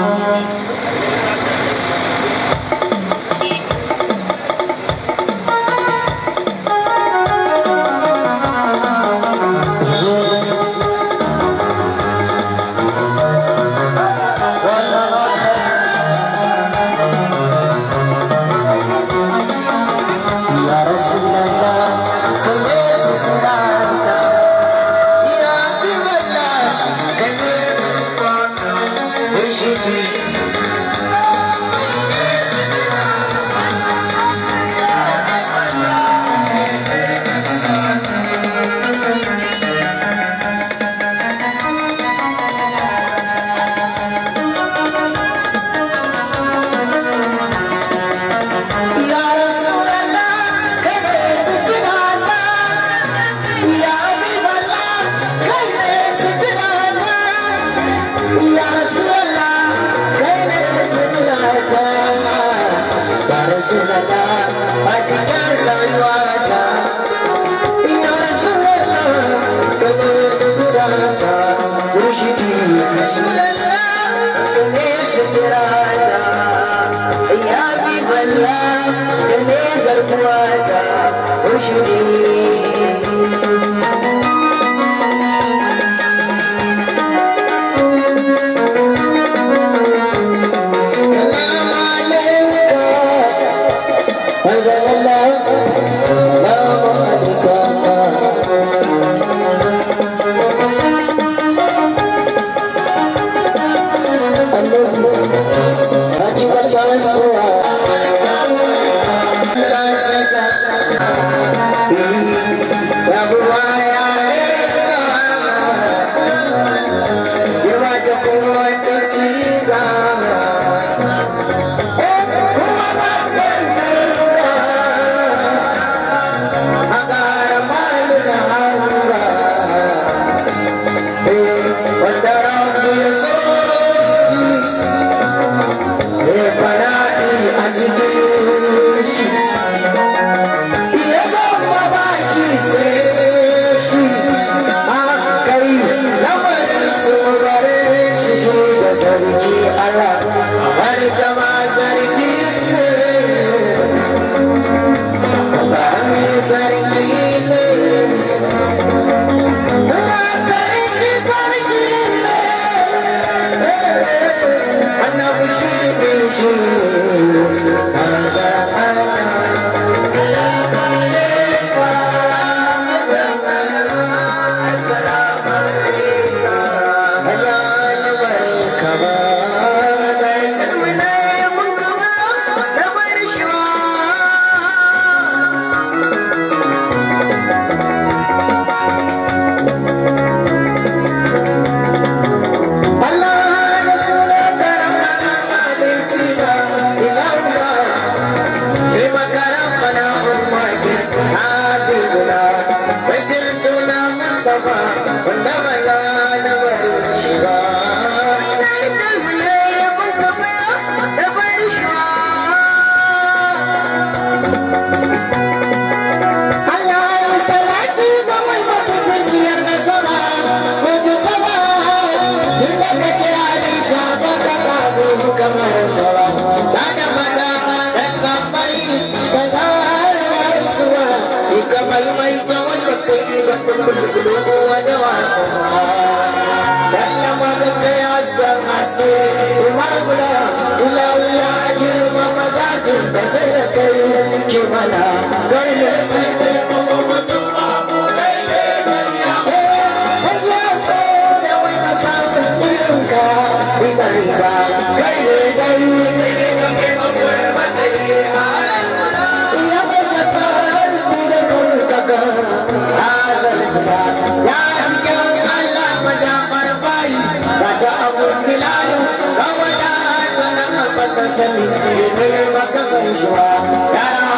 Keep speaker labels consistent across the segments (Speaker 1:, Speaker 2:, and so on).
Speaker 1: Thank you. Send me, give you are.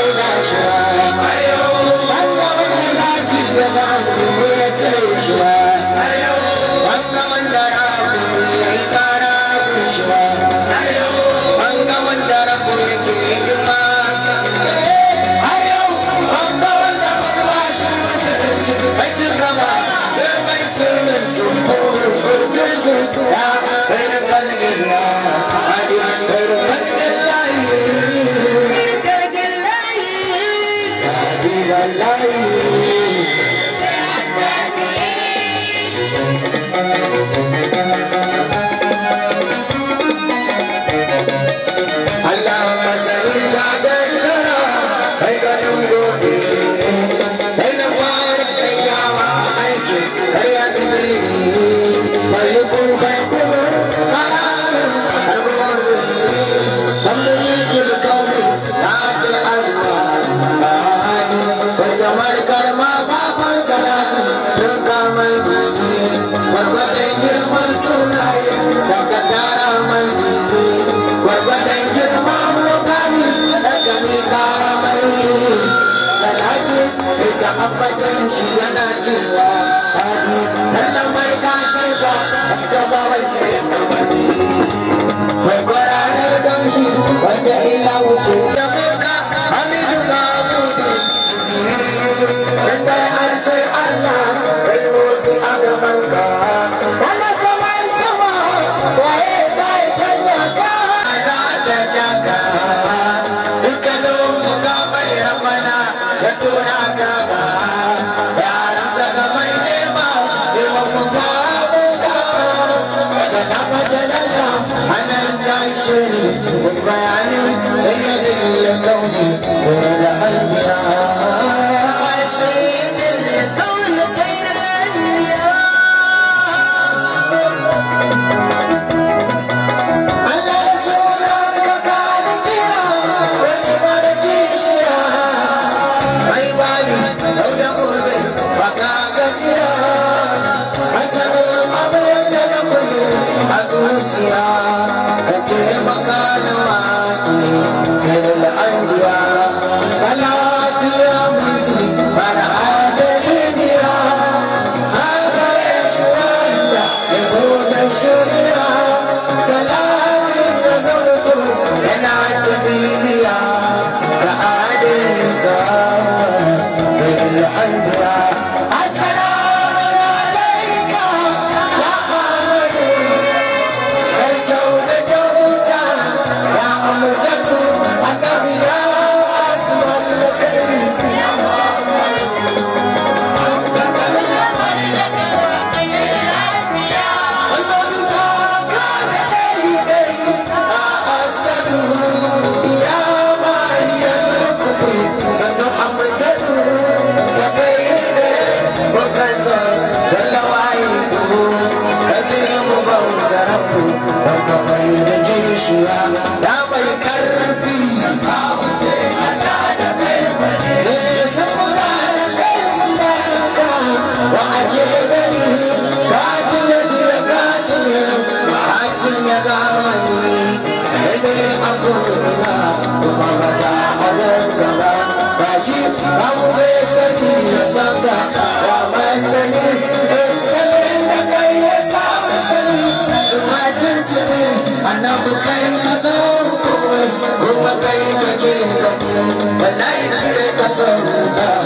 Speaker 1: 最爱最爱了。surrender.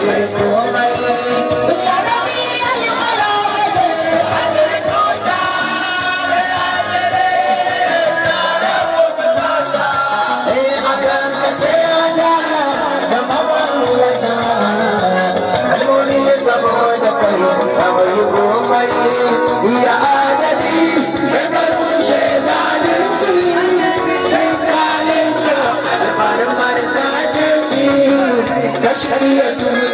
Speaker 1: Yes, yes, yes.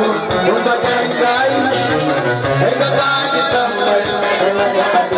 Speaker 1: You're the kind guy, and the guy is somewhere, and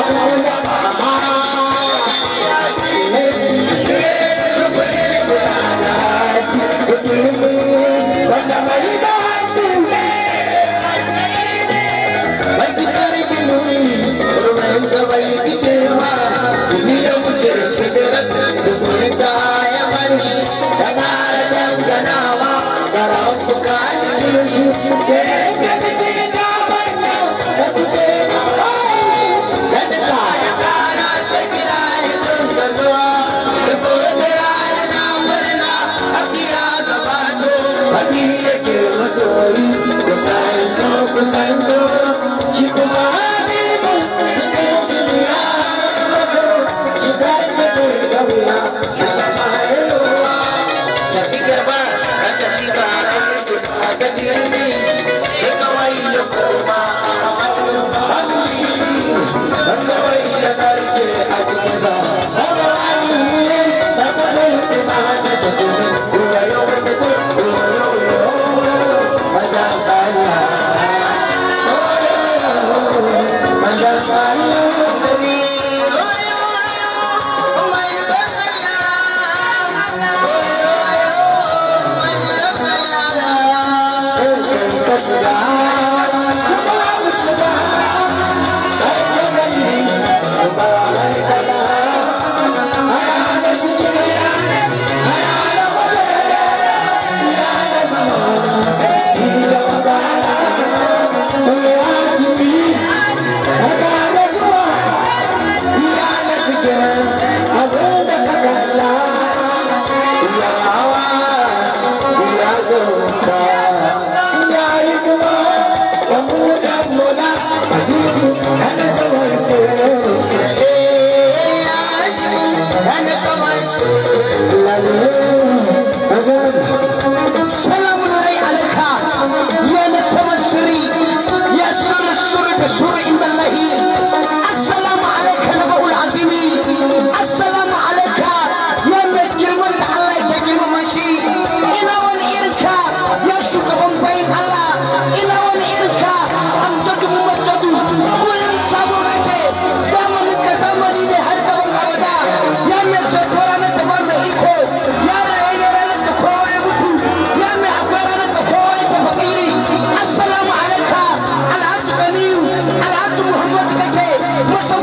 Speaker 1: Rosanto, Rosanto, Rosanto.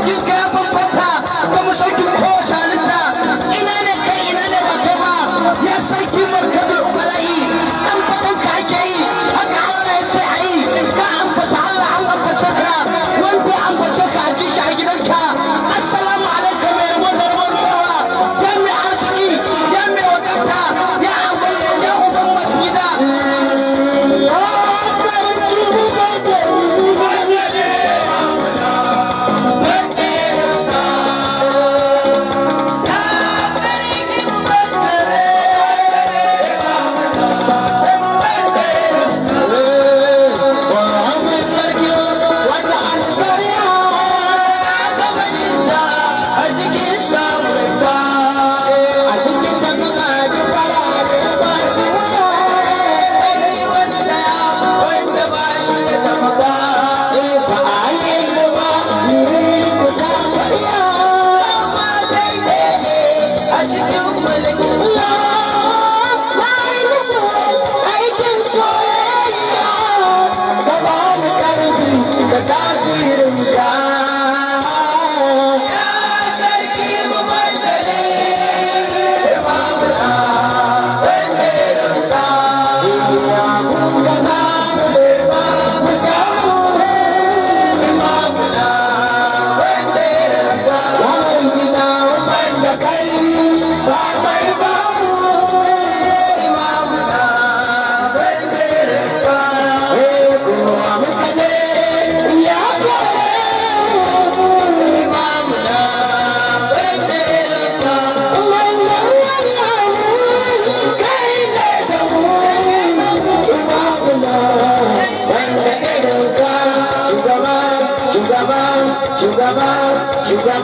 Speaker 1: you got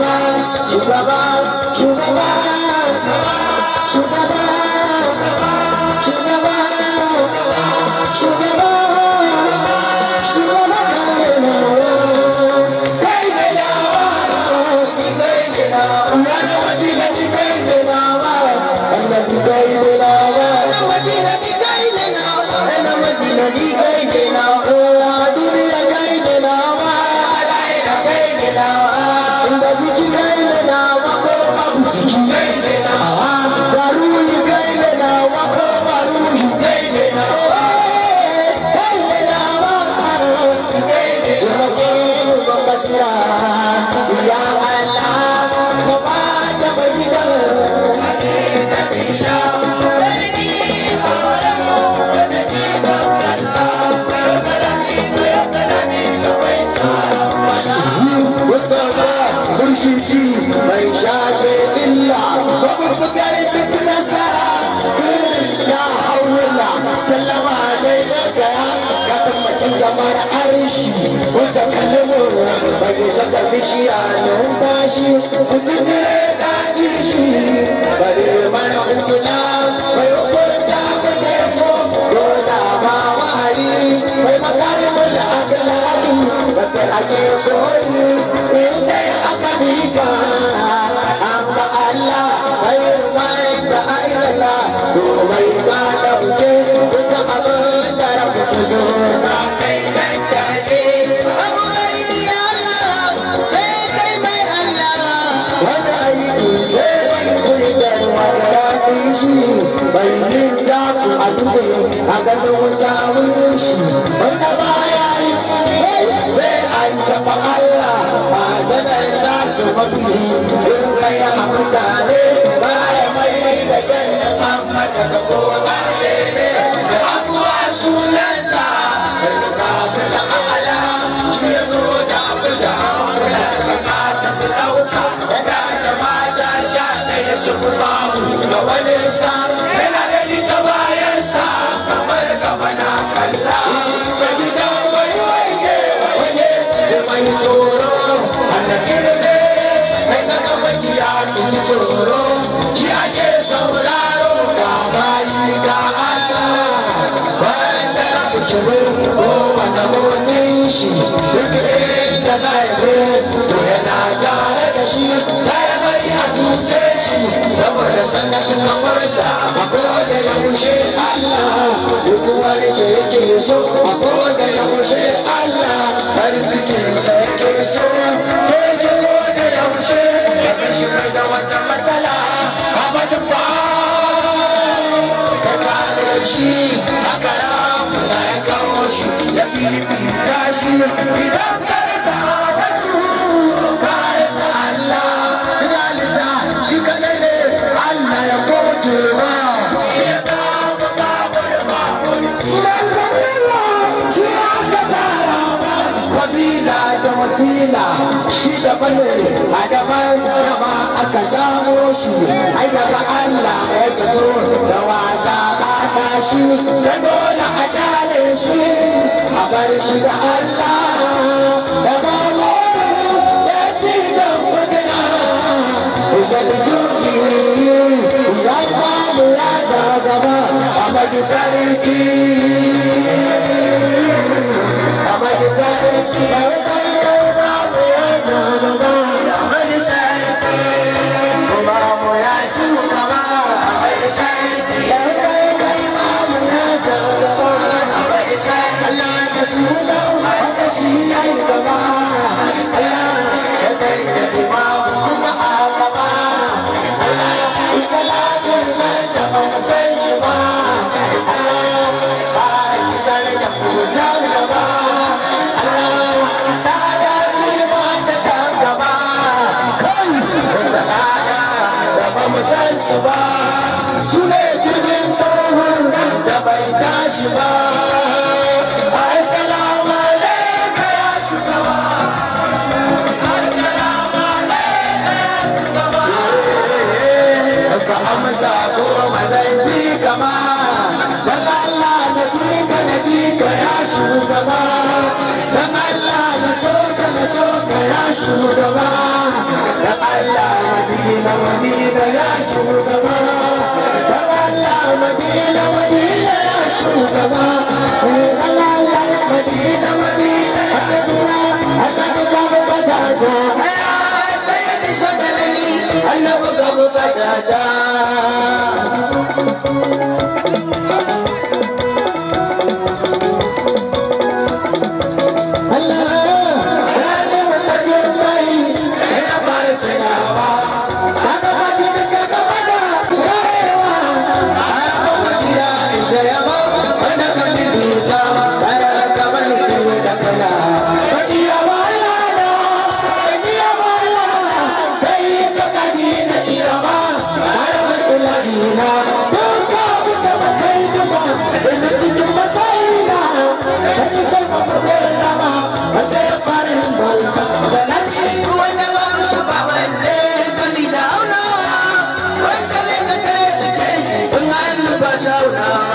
Speaker 1: Shubhavan, Shubhavan. Bari saka bishiya nan tashi Kuci tare da jirshi Bari mana ungula Mai hukunta kuke so Dota ba wahari Mai makarimin akalari Wata ake koyi Inda aka bika Amma Allah Mai ruwain da ayyala Domin ba da wuce Duka abin da rabu so shi bayin jaku a duhu a gadon samun shi wanda ya yi sai an taɓa Allah ba zanen za su mafi yin kaya a mutane ya mai da shan da an masa da kowa ne da abuwa sunansa da da ala shi ya zo da abu da hankula suka kasa su ɗauka cin sa yana gani ta bayan sa kamar na ga gida wani wange wani ce mai tsoro a na tsoro da yake so a kowane ya mushe Allah har cikin sa yake so so yake so da ya mushe ya da wata matsala a bada ba ka kare shi a kara muna ya kawo shi ya fifita shi idan ka wasila shi daban ne a daban dama aka samo shi ai daga Allah ya fito da wasa ba shi da dole a tare shi a bar shi da Allah da ba ya ci zan magana gaba a شهداء حتى شهداء الجماعة shugaba da Allah madina madina ya shugaba da Allah madina madina ya shugaba Allah madina madina ya shugaba sayyidi sadalani annabi ga bukata ta shout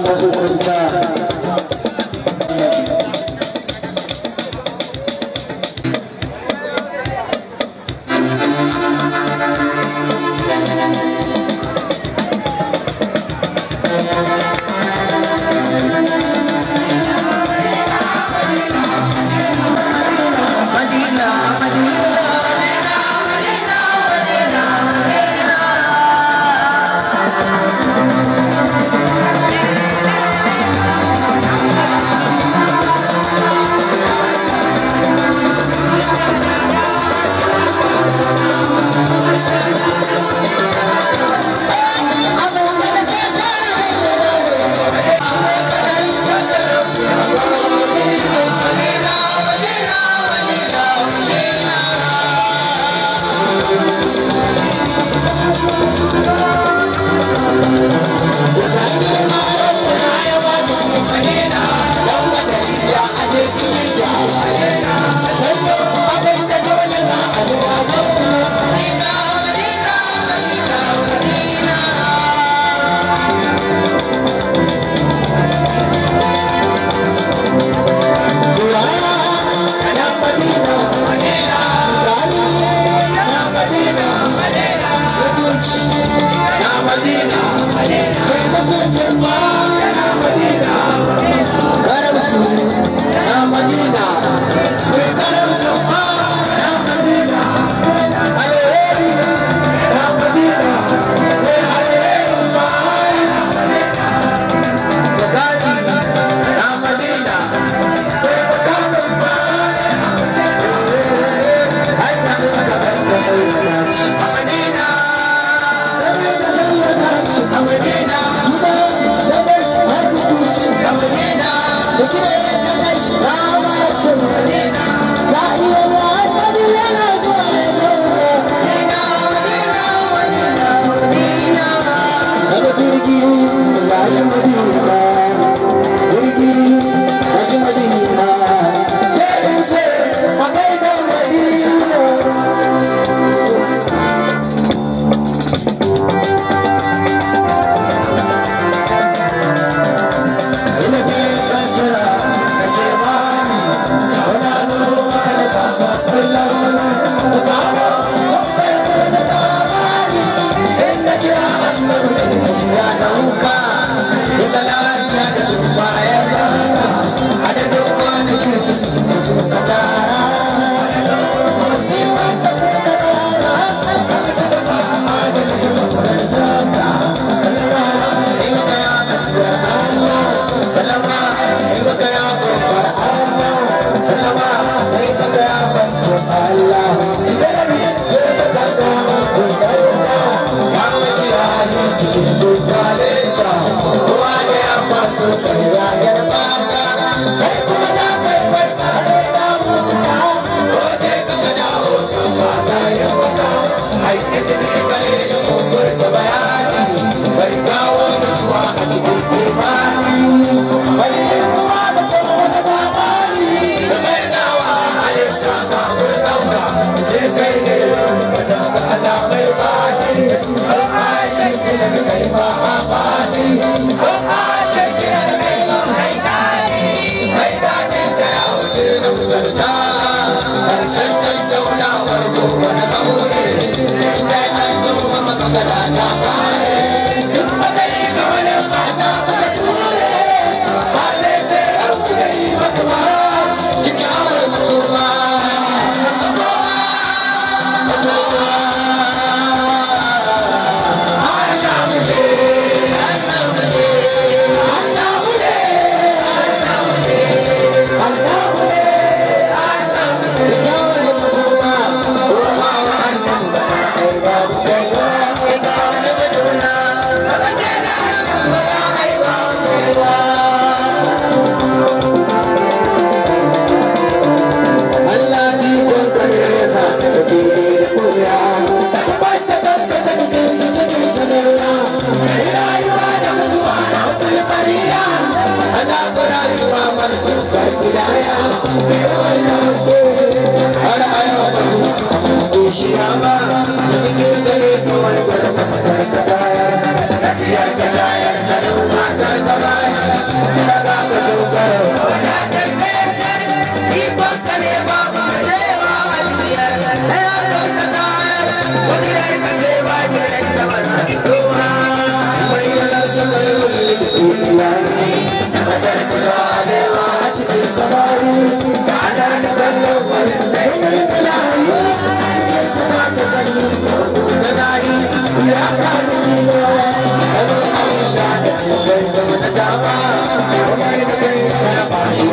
Speaker 1: Bye, bye, bye.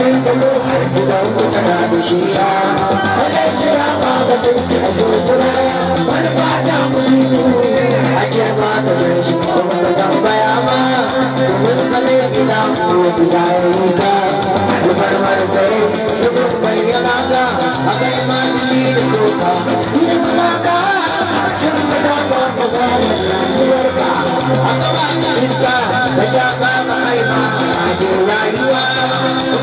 Speaker 1: ganin talo gidan ku tana dushiya wadai shira ba ki a gojira wani fata ku ji ake ba ta shi kuma ta ma ka bayyana ga a kai ma ni ka cin ta da ba ka zayin dubar ka a gaba iska ma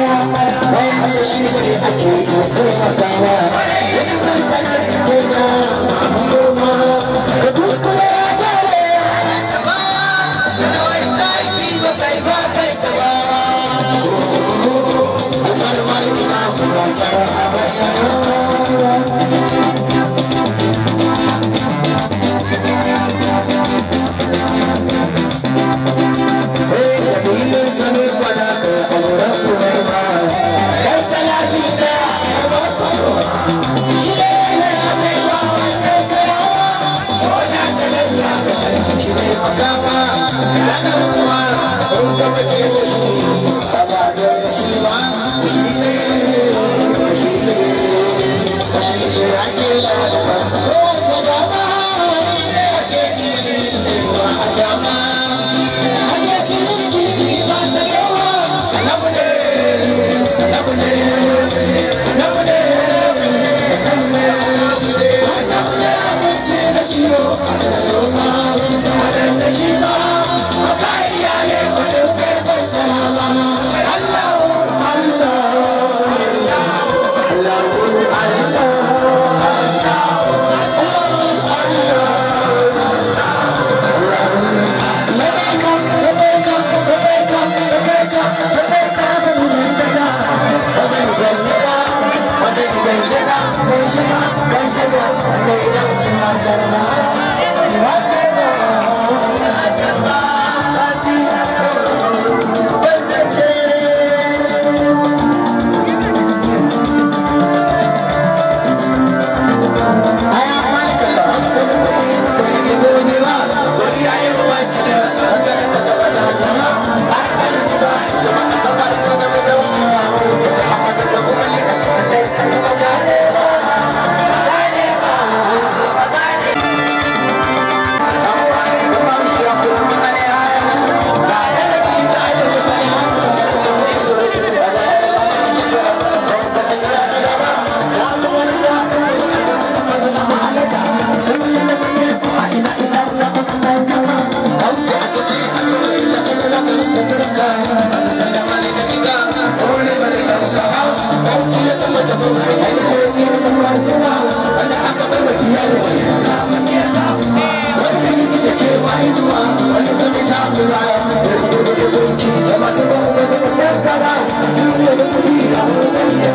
Speaker 1: Maybe she's a little bit of a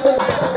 Speaker 1: Bye.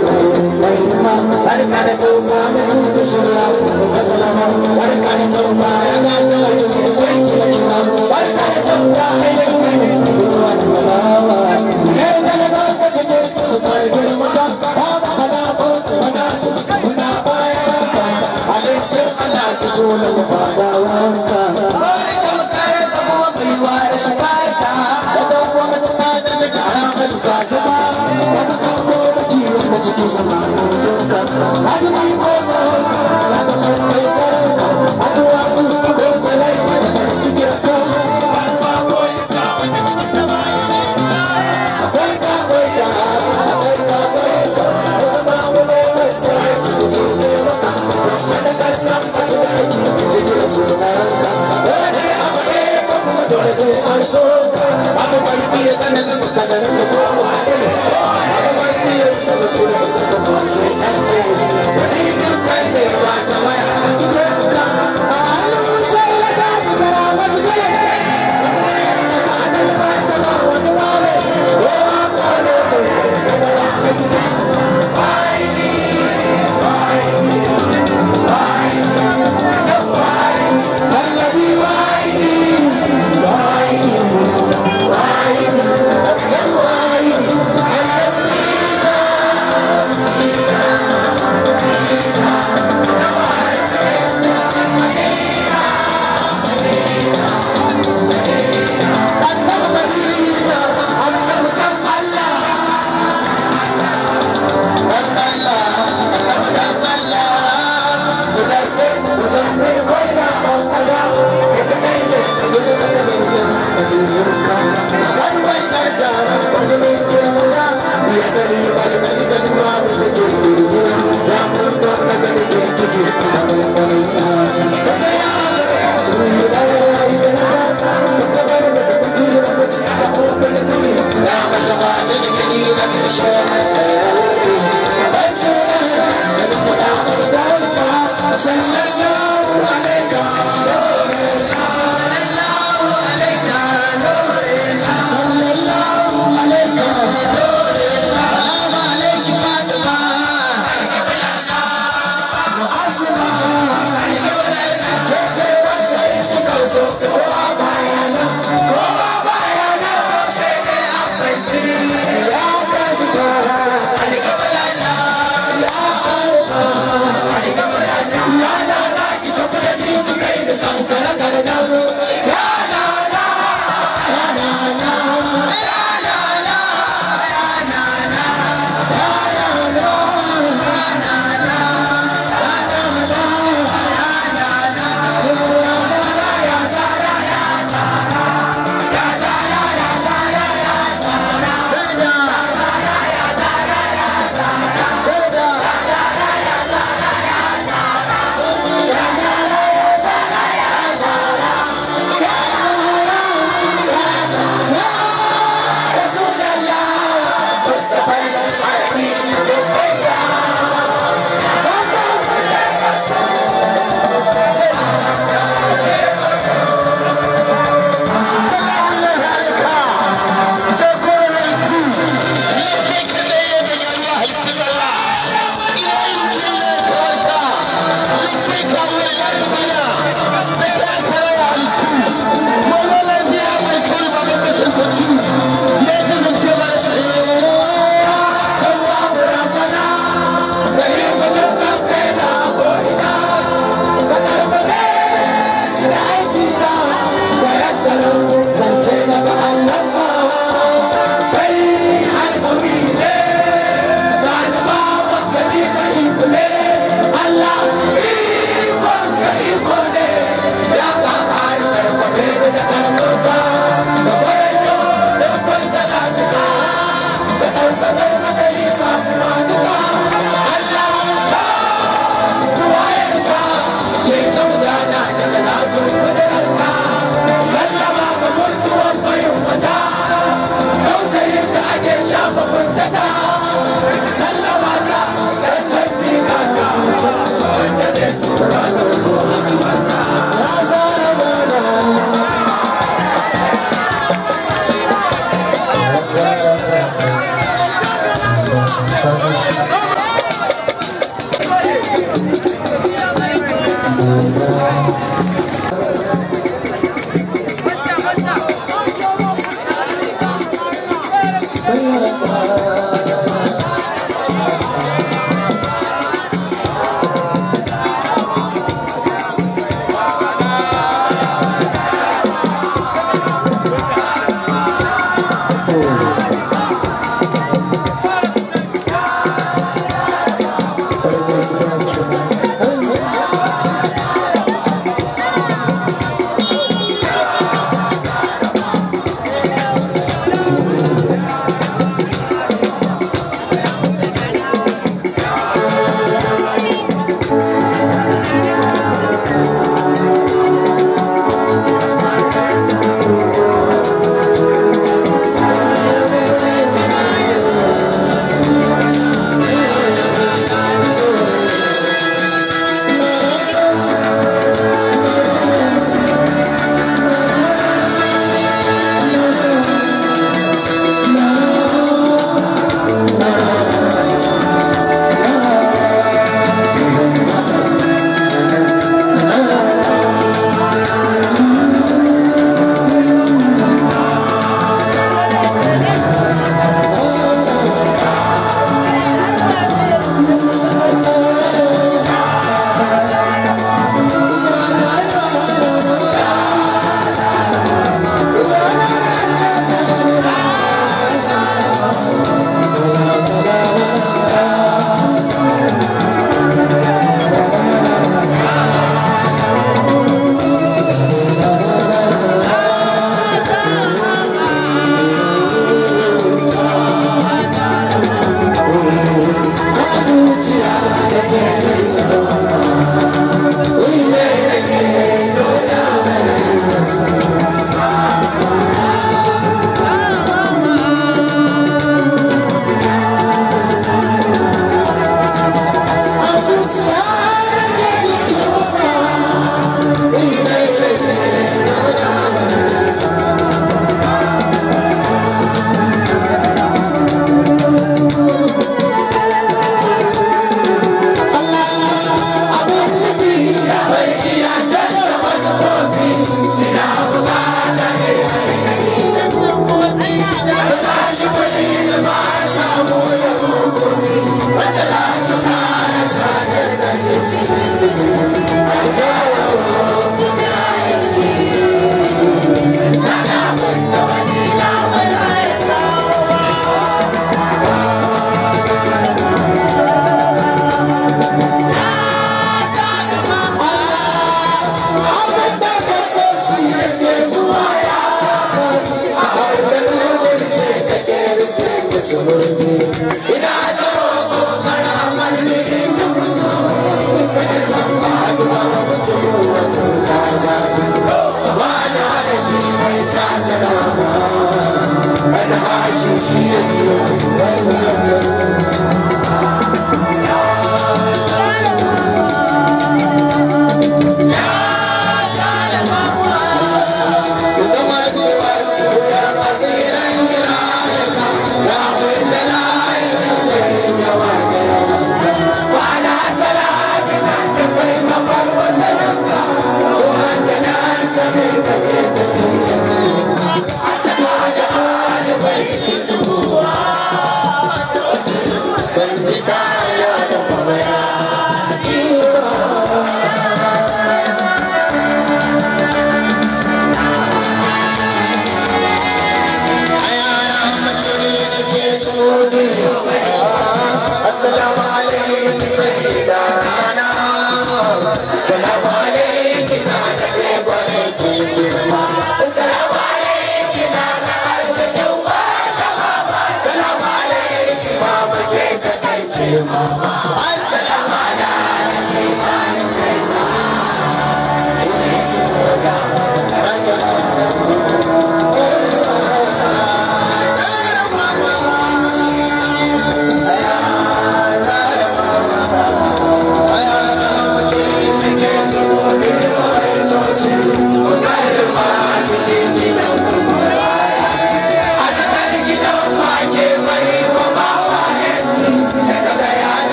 Speaker 1: love. Deus amado.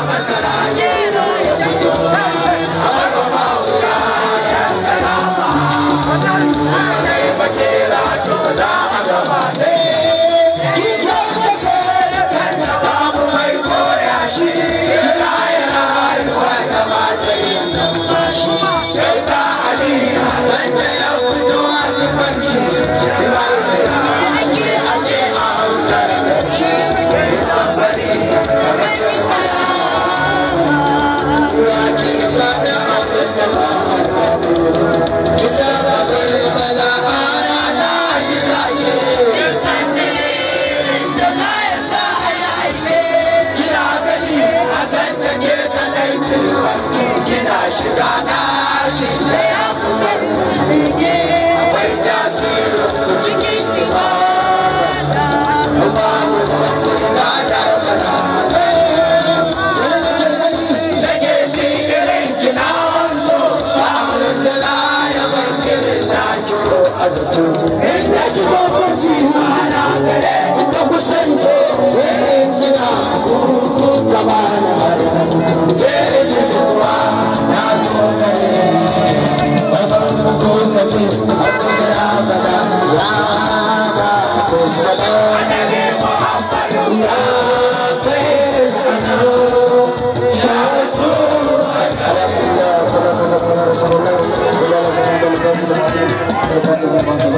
Speaker 1: Masala Chicago, Thank you.